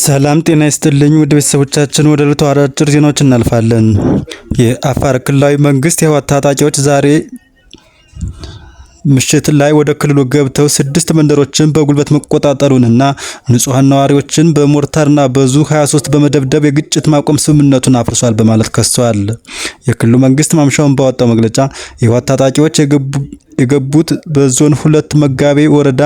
ሰላም ጤና ይስጥልኝ ውድ ቤተሰቦቻችን፣ ወደ ዕለቱ አጫጭር ዜናዎች እናልፋለን። የአፋር ክልላዊ መንግስት የህወሓት ታጣቂዎች ዛሬ ምሽት ላይ ወደ ክልሉ ገብተው ስድስት መንደሮችን በጉልበት መቆጣጠሩንና ንጹሐን ነዋሪዎችን በሞርታርና በዙ 23 በመደብደብ የግጭት ማቆም ስምምነቱን አፍርሷል በማለት ከሰዋል። የክልሉ መንግስት ማምሻውን ባወጣው መግለጫ የህወሓት ታጣቂዎች የገቡት በዞን ሁለት መጋቤ ወረዳ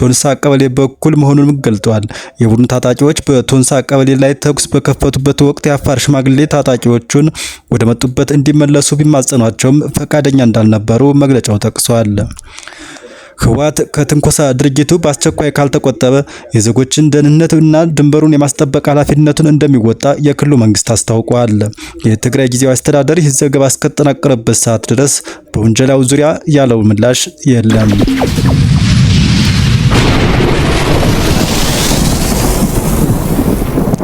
ቶንሳ ቀበሌ በኩል መሆኑንም ገልጠዋል። የቡድኑ ታጣቂዎች በቶንሳ ቀበሌ ላይ ተኩስ በከፈቱበት ወቅት የአፋር ሽማግሌ ታጣቂዎቹን ወደ መጡበት እንዲመለሱ ቢማጸኗቸውም ፈቃደኛ እንዳልነበሩ መግለጫው ጠቅሷል። ህወሓት ከትንኮሳ ድርጊቱ በአስቸኳይ ካልተቆጠበ የዜጎችን ደህንነት እና ድንበሩን የማስጠበቅ ኃላፊነቱን እንደሚወጣ የክልሉ መንግስት አስታውቋል። የትግራይ ጊዜያዊ አስተዳደር ይህ ዘገባ እስከጠናቀረበት ሰዓት ድረስ በወንጀላው ዙሪያ ያለው ምላሽ የለም።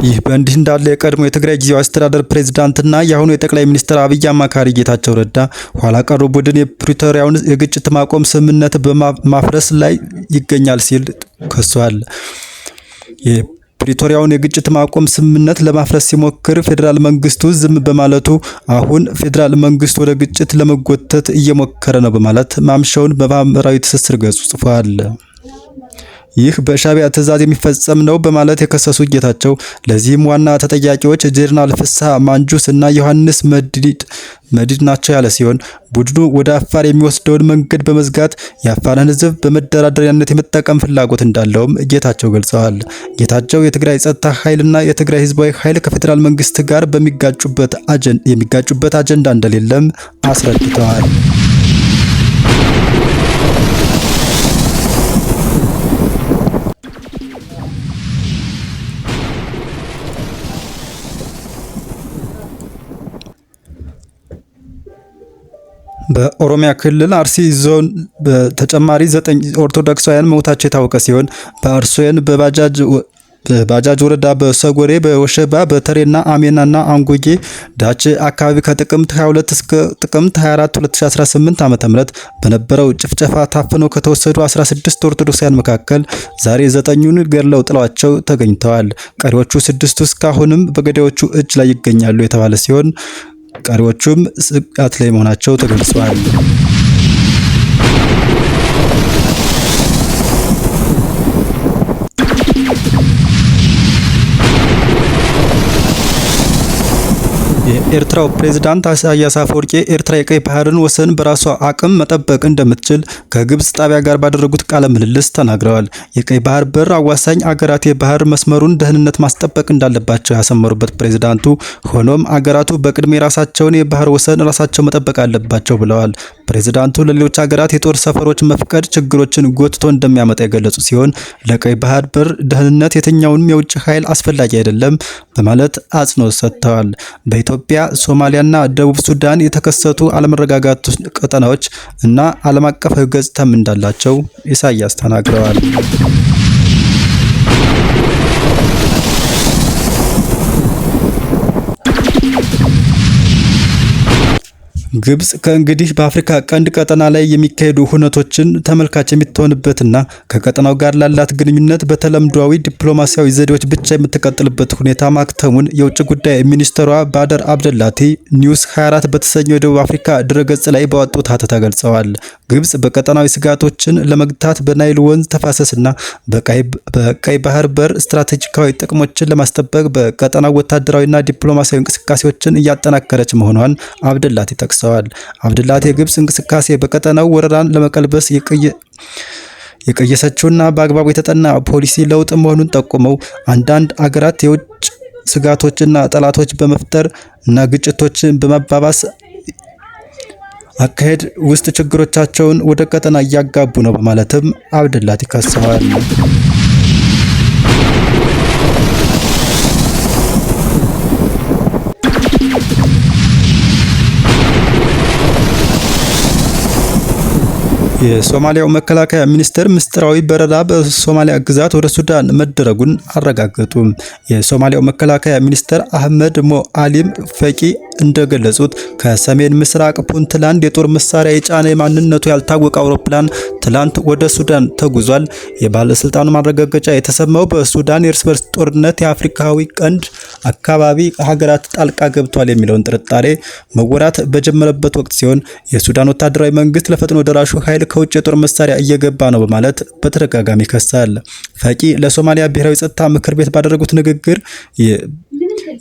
ይህ በእንዲህ እንዳለ የቀድሞ የትግራይ ጊዜያዊ አስተዳደር ፕሬዝዳንትና የአሁኑ የጠቅላይ ሚኒስትር አብይ አማካሪ ጌታቸው ረዳ ኋላ ቀሩ ቡድን የፕሪቶሪያውን የግጭት ማቆም ስምምነት በማፍረስ ላይ ይገኛል ሲል ከሷል። የፕሪቶሪያውን የግጭት ማቆም ስምምነት ለማፍረስ ሲሞክር ፌዴራል መንግስቱ ዝም በማለቱ አሁን ፌዴራል መንግስቱ ወደ ግጭት ለመጎተት እየሞከረ ነው በማለት ማምሻውን በማህበራዊ ትስስር ገጹ ጽፏል። ይህ በሻቢያ ትዕዛዝ የሚፈጸም ነው በማለት የከሰሱ ጌታቸው ለዚህም ዋና ተጠያቂዎች ጀነራል ፍስሐ ማንጁስ እና ዮሐንስ መዲድ ናቸው ያለ ሲሆን ቡድኑ ወደ አፋር የሚወስደውን መንገድ በመዝጋት የአፋርን ሕዝብ በመደራደሪያነት የመጠቀም ፍላጎት እንዳለውም ጌታቸው ገልጸዋል። ጌታቸው የትግራይ ጸጥታ ኃይልና የትግራይ ሕዝባዊ ኃይል ከፌዴራል መንግስት ጋር የሚጋጩበት አጀንዳ እንደሌለም አስረድተዋል። በኦሮሚያ ክልል አርሲ ዞን በተጨማሪ ዘጠኝ ኦርቶዶክሳውያን መሞታቸው የታወቀ ሲሆን በአርሶን በባጃጅ በባጃጅ ወረዳ በሰጎሬ በወሸባ በተሬና አሜናና አንጎጌ ዳች አካባቢ ከጥቅምት 22 እስከ ጥቅምት 24 2018 ዓ.ም በነበረው ጭፍጨፋ ታፍነው ከተወሰዱ 16 ኦርቶዶክሳውያን መካከል ዛሬ ዘጠኙን ገድለው ጥለዋቸው ተገኝተዋል። ቀሪዎቹ ስድስቱ እስካሁንም በገዳዮቹ እጅ ላይ ይገኛሉ የተባለ ሲሆን ቀሪዎቹም ስጋት ላይ መሆናቸው ተገልጿል። ኤርትራው ፕሬዝዳንት ኢሳያስ አፈወርቄ ኤርትራ የቀይ ባህርን ወሰን በራሷ አቅም መጠበቅ እንደምትችል ከግብጽ ጣቢያ ጋር ባደረጉት ቃለ ምልልስ ተናግረዋል። የቀይ ባህር በር አዋሳኝ አገራት የባህር መስመሩን ደህንነት ማስጠበቅ እንዳለባቸው ያሰመሩበት ፕሬዝዳንቱ ሆኖም አገራቱ በቅድሜ ራሳቸውን የባህር ወሰን ራሳቸው መጠበቅ አለባቸው ብለዋል። ፕሬዝዳንቱ ለሌሎች ሀገራት የጦር ሰፈሮች መፍቀድ ችግሮችን ጎትቶ እንደሚያመጣ የገለጹ ሲሆን ለቀይ ባህር በር ደህንነት የትኛውንም የውጭ ኃይል አስፈላጊ አይደለም በማለት አጽንኦት ሰጥተዋል። በኢትዮጵያ ሶማሊያና ደቡብ ሱዳን የተከሰቱ አለመረጋጋት ቀጠናዎች እና ዓለም አቀፋዊ ገጽታም እንዳላቸው ኢሳያስ ተናግረዋል። ግብጽ ከእንግዲህ በአፍሪካ ቀንድ ቀጠና ላይ የሚካሄዱ ሁነቶችን ተመልካች የምትሆንበትና ከቀጠናው ጋር ላላት ግንኙነት በተለምዷዊ ዲፕሎማሲያዊ ዘዴዎች ብቻ የምትቀጥልበት ሁኔታ ማክተሙን የውጭ ጉዳይ ሚኒስትሯ ባደር አብደላቲ ኒውስ 24 በተሰኘው የደቡብ አፍሪካ ድረገጽ ላይ በወጡት ሀተታ ገልጸዋል። ግብጽ በቀጠናዊ ስጋቶችን ለመግታት በናይል ወንዝ ተፋሰስና በቀይ ባህር በር ስትራቴጂካዊ ጥቅሞችን ለማስጠበቅ በቀጠናው ወታደራዊና ዲፕሎማሲያዊ እንቅስቃሴዎችን እያጠናከረች መሆኗን አብደላቴ ጠቅሰዋል። አብደላቴ የግብጽ እንቅስቃሴ በቀጠናው ወረራን ለመቀልበስ የቀየሰችውና በአግባቡ የተጠና ፖሊሲ ለውጥ መሆኑን ጠቁመው አንዳንድ አገራት የውጭ ስጋቶችና ጠላቶች በመፍጠር እና ግጭቶችን በማባባስ አካሄድ ውስጥ ችግሮቻቸውን ወደ ቀጠና እያጋቡ ነው በማለትም አብደላት ይከሰዋል። የሶማሊያው መከላከያ ሚኒስቴር ምስጢራዊ በረራ በሶማሊያ ግዛት ወደ ሱዳን መደረጉን አረጋገጡ። የሶማሊያው መከላከያ ሚኒስቴር አህመድ ሞ አሊም ፈቂ እንደገለጹት ከሰሜን ምስራቅ ፑንትላንድ የጦር መሳሪያ የጫነ የማንነቱ ያልታወቀ አውሮፕላን ትላንት ወደ ሱዳን ተጉዟል። የባለስልጣኑ ማረጋገጫ የተሰማው በሱዳን የእርስ በርስ ጦርነት የአፍሪካዊ ቀንድ አካባቢ ሀገራት ጣልቃ ገብቷል የሚለውን ጥርጣሬ መወራት በጀመረበት ወቅት ሲሆን የሱዳን ወታደራዊ መንግስት ለፈጥኖ ደራሹ ኃይል ከውጭ የጦር መሳሪያ እየገባ ነው በማለት በተደጋጋሚ ይከሳል። ፈቂ ለሶማሊያ ብሔራዊ ጸጥታ ምክር ቤት ባደረጉት ንግግር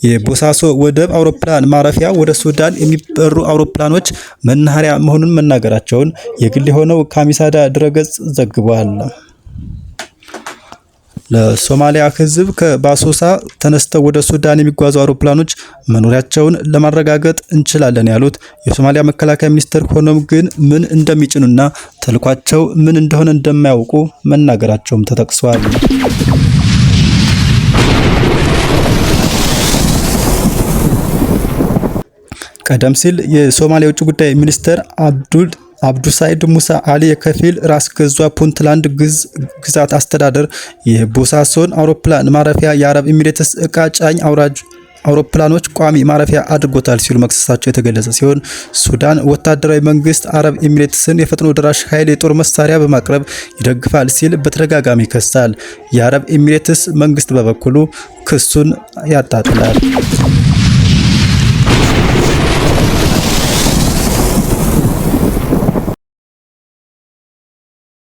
የቦሳሶ ወደብ አውሮፕላን ማረፊያ ወደ ሱዳን የሚበሩ አውሮፕላኖች መናኸሪያ መሆኑን መናገራቸውን የግል የሆነው ካሚሳዳ ድረገጽ ዘግቧል። ለሶማሊያ ሕዝብ ከባሶሳ ተነስተው ወደ ሱዳን የሚጓዙ አውሮፕላኖች መኖሪያቸውን ለማረጋገጥ እንችላለን ያሉት የሶማሊያ መከላከያ ሚኒስትር፣ ሆኖም ግን ምን እንደሚጭኑና ተልኳቸው ምን እንደሆነ እንደማያውቁ መናገራቸውም ተጠቅሷል። ቀደም ሲል የሶማሊያ ውጭ ጉዳይ ሚኒስትር አብዱል አብዱሳይድ ሙሳ አሊ የከፊል ራስ ገዟ ፑንትላንድ ግዛት አስተዳደር የቦሳሶን አውሮፕላን ማረፊያ የአረብ ኤሚሬትስ እቃ ጫኝ አውራጅ አውሮፕላኖች ቋሚ ማረፊያ አድርጎታል ሲሉ መክሰሳቸው የተገለጸ ሲሆን ሱዳን ወታደራዊ መንግስት አረብ ኤሚሬትስን የፈጥኖ ደራሽ ኃይል የጦር መሳሪያ በማቅረብ ይደግፋል ሲል በተደጋጋሚ ይከሳል። የአረብ ኤሚሬትስ መንግስት በበኩሉ ክሱን ያጣጥላል።